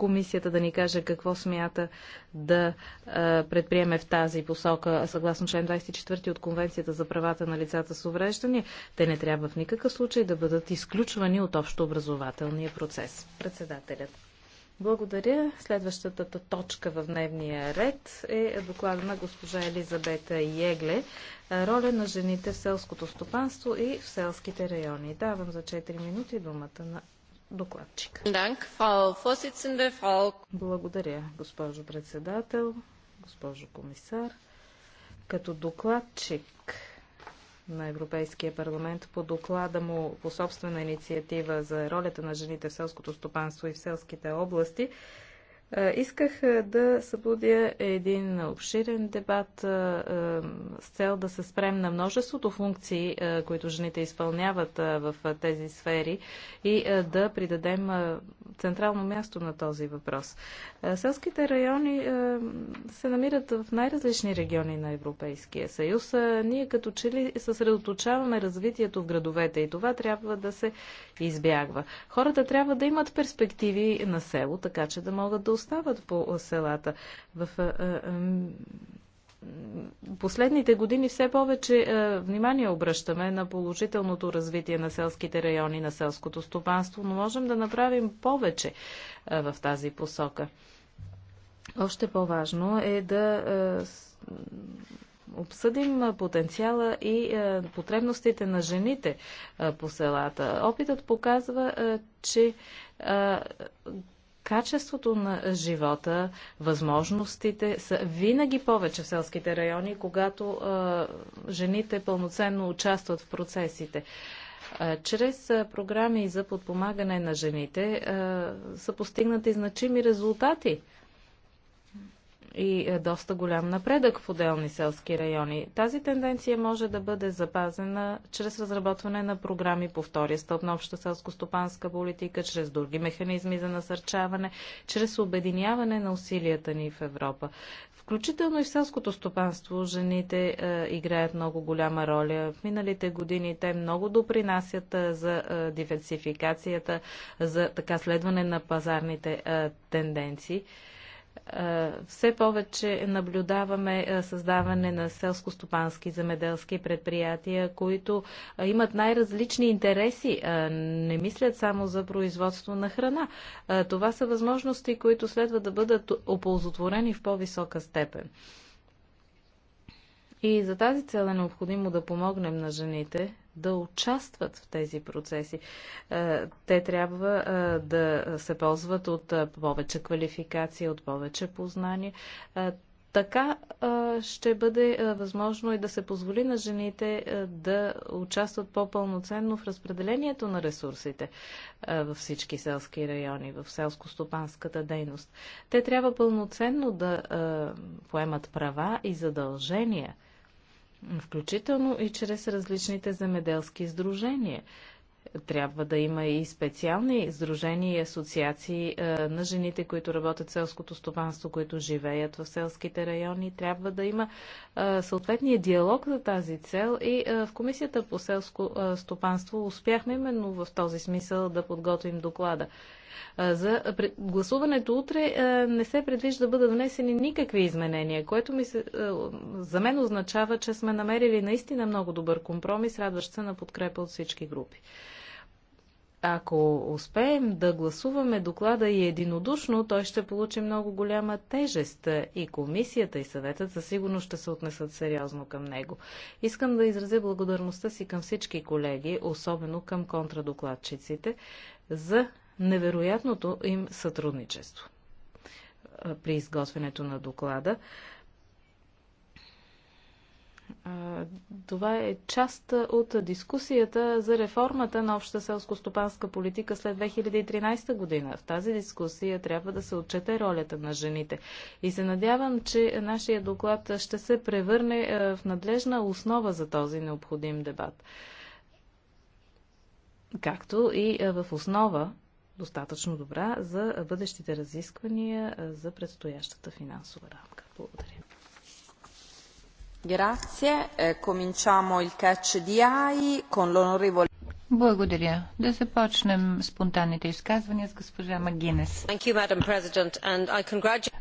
комисията да ни каже какво смята да предприеме в тази посока, съгласно член 24 от Конвенцията за правата на лицата с увреждания. Те не трябва в никакъв случай да бъдат изключвани от общообразователния процес. Председателят. Благодаря. Следващата точка в дневния ред е доклада на госпожа Елизабета Егле. Роля на жените в селското стопанство и в селските райони. Давам за 4 минути думата на докладчик. Благодаря, госпожо председател, госпожо комисар. Като докладчик на Европейския парламент по доклада му по собствена инициатива за ролята на жените в селското стопанство и в селските области, е, исках е, да събудя един обширен дебат е, с цел да се спрем на множеството функции, които жените изпълняват в тези сфери и да придадем централно място на този въпрос. Селските райони се намират в най-различни региони на Европейския съюз. Ние като че ли съсредоточаваме развитието в градовете и това трябва да се избягва. Хората трябва да имат перспективи на село, така че да могат да Остават по селата. В последните години все повече внимание обръщаме на положителното развитие на селските райони, на селското стопанство, но можем да направим повече в тази посока. Още по-важно е да обсъдим потенциала и потребностите на жените по селата. Опитът показва, че качеството на живота, възможностите са винаги повече в селските райони, когато а, жените пълноценно участват в процесите. А, чрез а, програми за подпомагане на жените а, са постигнати значими резултати и е, доста голям напредък в отделни селски райони. Тази тенденция може да бъде запазена чрез разработване на програми по втория стълб на обща селско-стопанска политика, чрез други механизми за насърчаване, чрез обединяване на усилията ни в Европа. Включително и в селското стопанство жените е, играят много голяма роля. В миналите години те много допринасят е, за е, диверсификацията, за така следване на пазарните е, тенденции. Е, все повече наблюдаваме е, създаване на селско-стопански земеделски предприятия, които е, имат най-различни интереси, не мислят само за производство на храна. Това са възможности, които следва да бъдат оползотворени в по-висока степен. И за тази цел е необходимо да помогнем на жените да участват в тези процеси. Е, те трябва е, да се ползват от е, повече квалификация, от повече познание. Така ще бъде възможно и да се позволи на жените да участват по-пълноценно в разпределението на ресурсите във всички селски райони, в селско-стопанската дейност. Те трябва пълноценно да поемат права и задължения – включително и чрез различните земеделски сдружения. Трябва да има и специални сдружения и асоциации е, на жените, които работят в селското стопанство, които живеят в селските райони. Трябва да има е, съответния диалог за тази цел и е, в Комисията по селско е, стопанство успяхме именно в този смисъл да подготвим доклада. За гласуването утре не се предвижда да бъдат внесени никакви изменения, което ми се, за мен означава, че сме намерили наистина много добър компромис, радващ се на подкрепа от всички групи. Ако успеем да гласуваме доклада и единодушно, той ще получи много голяма тежест и комисията и съветът със сигурност ще се отнесат сериозно към него. Искам да изразя благодарността си към всички колеги, особено към контрадокладчиците, за невероятното им сътрудничество при изготвянето на доклада. Това е част от дискусията за реформата на обща селско-стопанска политика след 2013 година. В тази дискусия трябва да се отчете ролята на жените. И се надявам, че нашия доклад ще се превърне в надлежна основа за този необходим дебат. Както и в основа достатъчно добра за бъдещите разисквания за предстоящата финансова рамка. Благодаря. Е, Благодаря. Да започнем спонтанните изказвания с госпожа Магинес.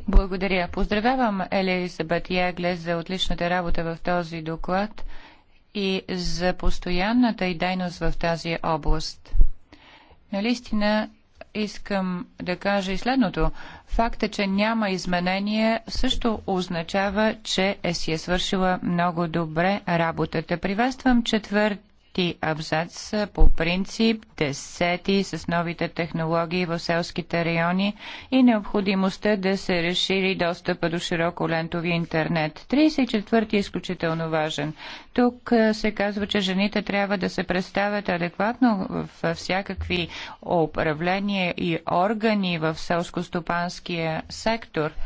Благодаря. Поздравявам Елизабет Ягле за отличната работа в този доклад и за постоянната и дейност в тази област. Наистина искам да кажа и следното. Факта, че няма изменение, също означава, че е си е свършила много добре работата. Приветствам четвърт трети абзац по принцип, десети с новите технологии в селските райони и необходимостта да се разшири достъпа до широко лентови интернет. 34 ти е изключително важен. Тук се казва, че жените трябва да се представят адекватно в всякакви управления и органи в селско-стопанския сектор –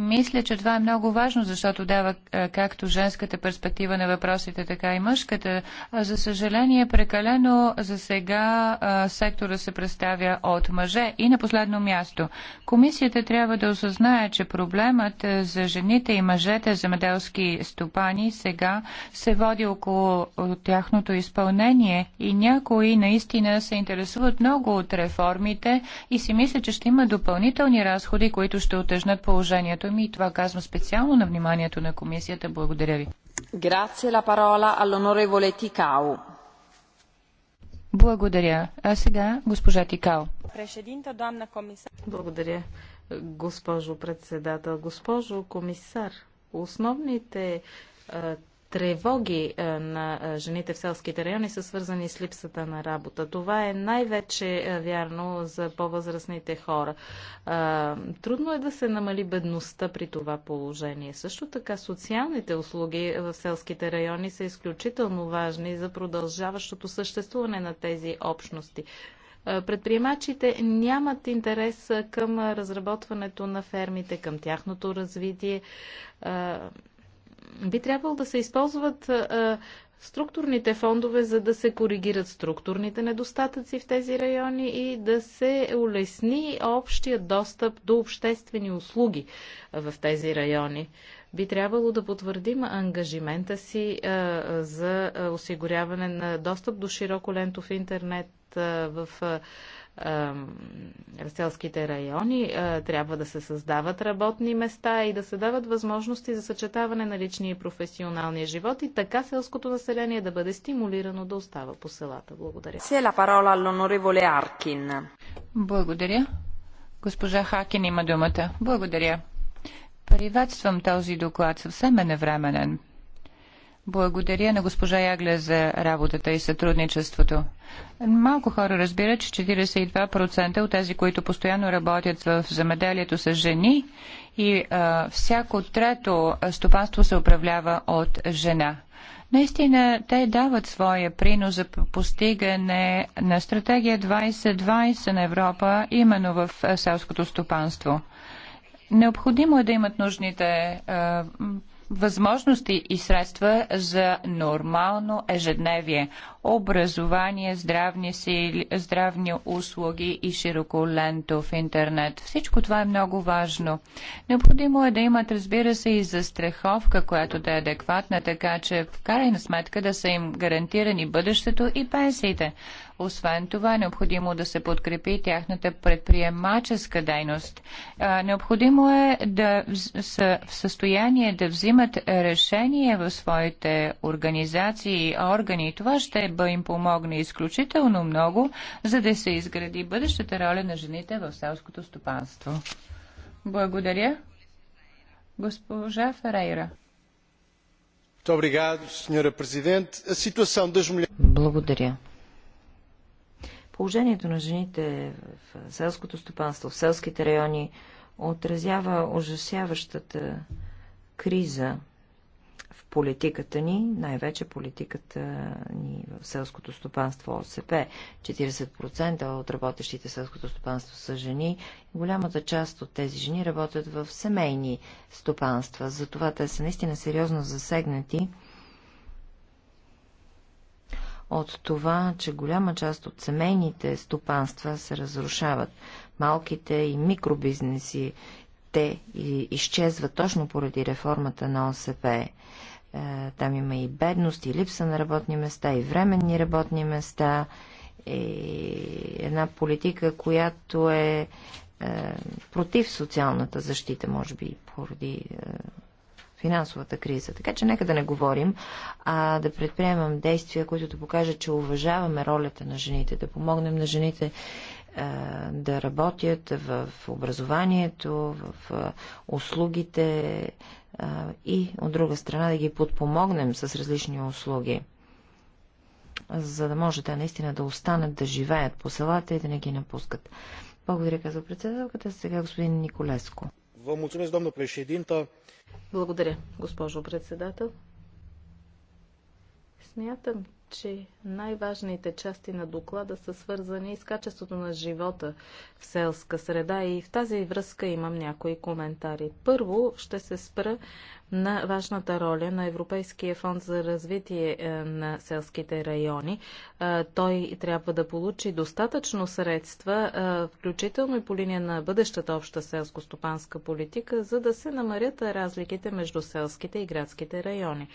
мисля, че това е много важно, защото дава както женската перспектива на въпросите, така и мъжката. За съжаление, прекалено за сега сектора се представя от мъже. И на последно място, комисията трябва да осъзнае, че проблемът за жените и мъжете земеделски стопани сега се води около тяхното изпълнение и някои наистина се интересуват много от реформите и си мисля, че ще има допълнителни разходи, които ще отъжнат положението изказването ми и това казвам специално на вниманието на комисията. Благодаря ви. Благодаря. А сега госпожа Тикао. Благодаря, госпожо председател. Госпожо комисар, основните тревоги е, на е, жените в селските райони са свързани с липсата на работа. Това е най-вече е, вярно за по-възрастните хора. Трудно е да се намали бедността при това положение. Също така социалните услуги в селските райони са изключително важни за продължаващото съществуване на тези общности. Предприемачите нямат интерес към разработването на фермите, към тяхното развитие би трябвало да се използват структурните фондове, за да се коригират структурните недостатъци в тези райони и да се улесни общия достъп до обществени услуги в тези райони. Би трябвало да потвърдим ангажимента си а, за осигуряване на достъп до широко лентов интернет а, в а, селските райони, трябва да се създават работни места и да се дават възможности за съчетаване на личния и професионалния живот и така селското население да бъде стимулирано да остава по селата. Благодаря. парола Аркин. Благодаря. Госпожа Хакин има думата. Благодаря. Приветствам този доклад. Съвсем е невременен. Благодаря на госпожа Ягле за работата и сътрудничеството. Малко хора разбират, че 42% от тези, които постоянно работят в замеделието са жени и а, всяко трето стопанство се управлява от жена. Наистина, те дават своя принос за постигане на стратегия 2020 на Европа именно в селското стопанство. Необходимо е да имат нужните а, възможности и средства за нормално ежедневие, образование, здравни, сили, здравни услуги и широко лентов, интернет. Всичко това е много важно. Необходимо е да имат, разбира се, и застраховка, която да е адекватна, така че в крайна сметка да са им гарантирани бъдещето и пенсиите. Освен това е необходимо да се подкрепи тяхната предприемаческа дейност. Необходимо е да са в състояние да взимат решение в своите организации и органи. Това ще им помогне изключително много, за да се изгради бъдещата роля на жените в селското стопанство. Благодаря. Госпожа Ферейра. Благодаря. Положението на жените в селското стопанство, в селските райони отразява ужасяващата криза в политиката ни, най-вече политиката ни в селското стопанство ОСП. 40% от работещите в селското стопанство са жени. Голямата част от тези жени работят в семейни стопанства. Затова те са наистина сериозно засегнати от това, че голяма част от семейните стопанства се разрушават. Малките и микробизнеси, те изчезват точно поради реформата на ОСП. Е, там има и бедност, и липса на работни места, и временни работни места, и една политика, която е, е против социалната защита, може би, поради е, финансовата криза. Така че нека да не говорим, а да предприемам действия, които да покажат, че уважаваме ролята на жените, да помогнем на жените е, да работят в образованието, в е, услугите е, и от друга страна да ги подпомогнем с различни услуги, за да може те наистина да останат да живеят по селата и да не ги напускат. Благодаря, казва председателката. Сега господин Николеско. Благодаря, госпожо председател. Смятам, че най-важните части на доклада са свързани с качеството на живота в селска среда и в тази връзка имам някои коментари. Първо ще се спра на важната роля на Европейския фонд за развитие е, на селските райони. Е, той трябва да получи достатъчно средства, е, включително и по линия на бъдещата обща селско-стопанска политика, за да се намарят разликите между селските и градските райони.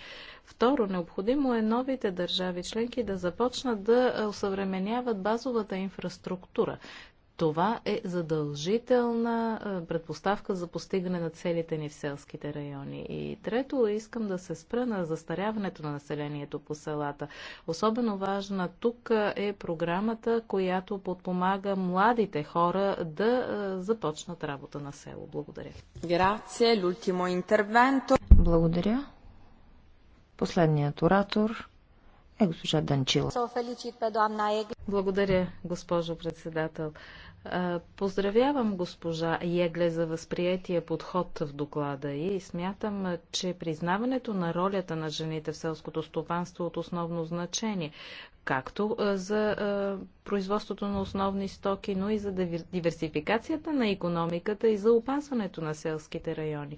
Второ, необходимо е новите държави членки да започнат да осъвременяват е, базовата инфраструктура. Това е задължителна е, предпоставка за постигане на целите ни в селските райони. И трето, искам да се спра на застаряването на населението по селата. Особено важна тук е, е програмата, която подпомага младите хора да започнат работа на село. Благодаря. Грация, l'ultimo Благодаря. Последният оратор е госпожа Данчила. Să o felicit pe doamna Egle благодаря, госпожо председател. Поздравявам госпожа Егле за възприятия подход в доклада и смятам, че признаването на ролята на жените в селското стопанство е от основно значение, както за производството на основни стоки, но и за диверсификацията на економиката и за опазването на селските райони.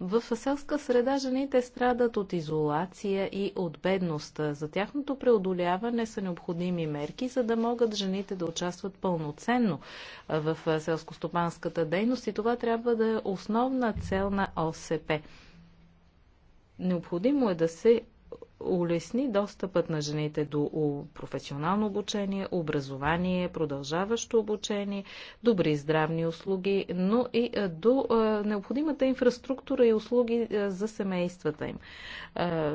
В селска среда жените страдат от изолация и от бедност. За тяхното преодоляване са необходими мерки, за да могат жените да участват пълноценно в селскостопанската дейност и това трябва да е основна цел на ОСП. Необходимо е да се улесни достъпът на жените до професионално обучение, образование, продължаващо обучение, добри здравни услуги, но и до необходимата инфраструктура и услуги за семействата им.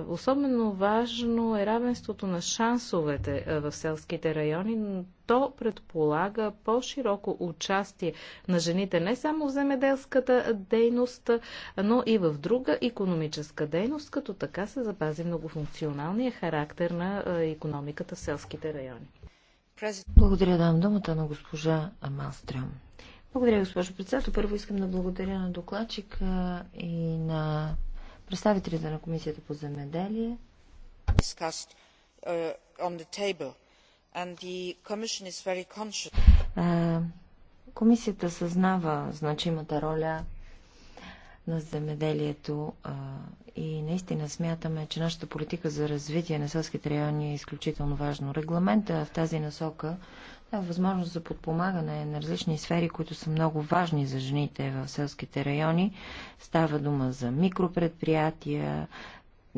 Особено важно е равенството на шансовете в селските райони, то предполага по-широко участие на жените не само в земеделската дейност, но и в друга економическа дейност, като така се запази многофункционалния характер на економиката в селските райони. Благодаря, дам думата на госпожа Амалстрам. Благодаря, госпожо председател. Първо искам да благодаря на докладчика и на представителите на Комисията по земеделие. Комисията съзнава значимата роля на земеделието и наистина смятаме, че нашата политика за развитие на селските райони е изключително важно. Регламента в тази насока дава възможност за подпомагане на различни сфери, които са много важни за жените в селските райони. Става дума за микропредприятия,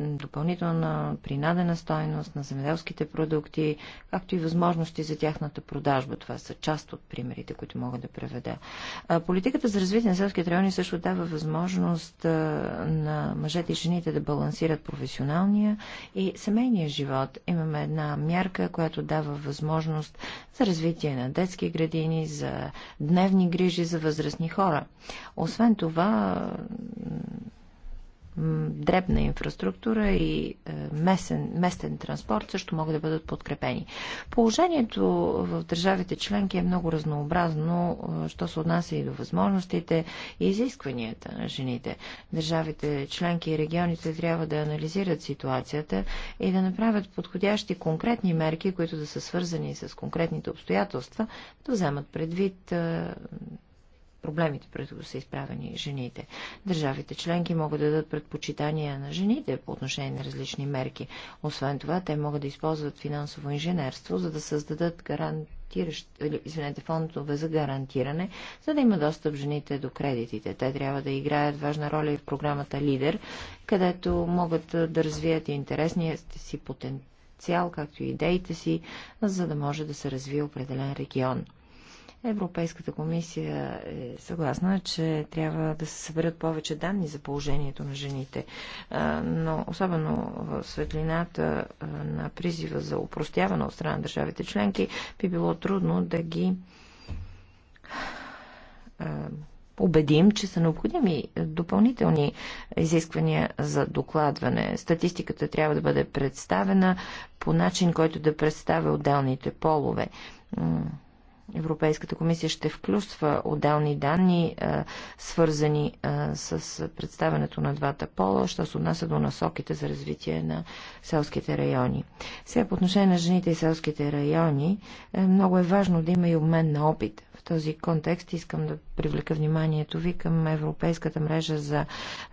допълнителна принадена стойност на земеделските продукти, както и възможности за тяхната продажба. Това са част от примерите, които мога да преведа. Политиката за развитие на селските райони също дава възможност на мъжете и жените да балансират професионалния и семейния живот. Имаме една мярка, която дава възможност за развитие на детски градини, за дневни грижи за възрастни хора. Освен това, дребна инфраструктура и е, местен, местен транспорт също могат да бъдат подкрепени. Положението в държавите членки е много разнообразно, е, що се отнася и до възможностите и изискванията на жените. Държавите членки и регионите трябва да анализират ситуацията и да направят подходящи конкретни мерки, които да са свързани с конкретните обстоятелства, да вземат предвид е, проблемите, пред които са изправени жените. Държавите членки могат да дадат предпочитания на жените по отношение на различни мерки. Освен това, те могат да използват финансово инженерство, за да създадат гарант извинете, фондове за гарантиране, за да има достъп жените до кредитите. Те трябва да играят важна роля и в програмата Лидер, където могат да развият и интересния си потенциал, както и идеите си, за да може да се развие определен регион. Европейската комисия е съгласна, че трябва да се съберат повече данни за положението на жените, но особено в светлината на призива за упростяване от страна на държавите членки би било трудно да ги убедим, че са необходими допълнителни изисквания за докладване. Статистиката трябва да бъде представена по начин, който да представя отделните полове. Европейската комисия ще включва отделни данни, е, свързани е, с представянето на двата пола, що се отнася до насоките за развитие на селските райони. Сега по отношение на жените и селските райони, е, много е важно да има и обмен на опит. В този контекст искам да привлека вниманието ви към Европейската мрежа за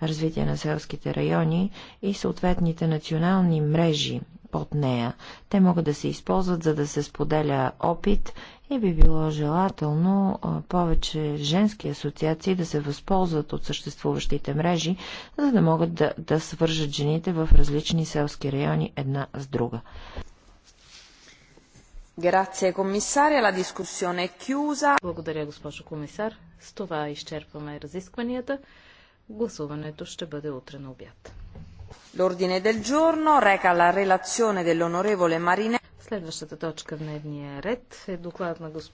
развитие на селските райони и съответните национални мрежи под нея. Те могат да се използват, за да се споделя опит и би било желателно повече женски асоциации да се възползват от съществуващите мрежи, за да могат да, да свържат жените в различни селски райони една с друга. Е Благодаря, госпожо комисар. С това изчерпваме разискванията. Гласуването ще бъде утре на обяд. L'ordine del giorno reca la relazione dell'onorevole Marinelli. Следващата точка в дневния ред е доклад на господин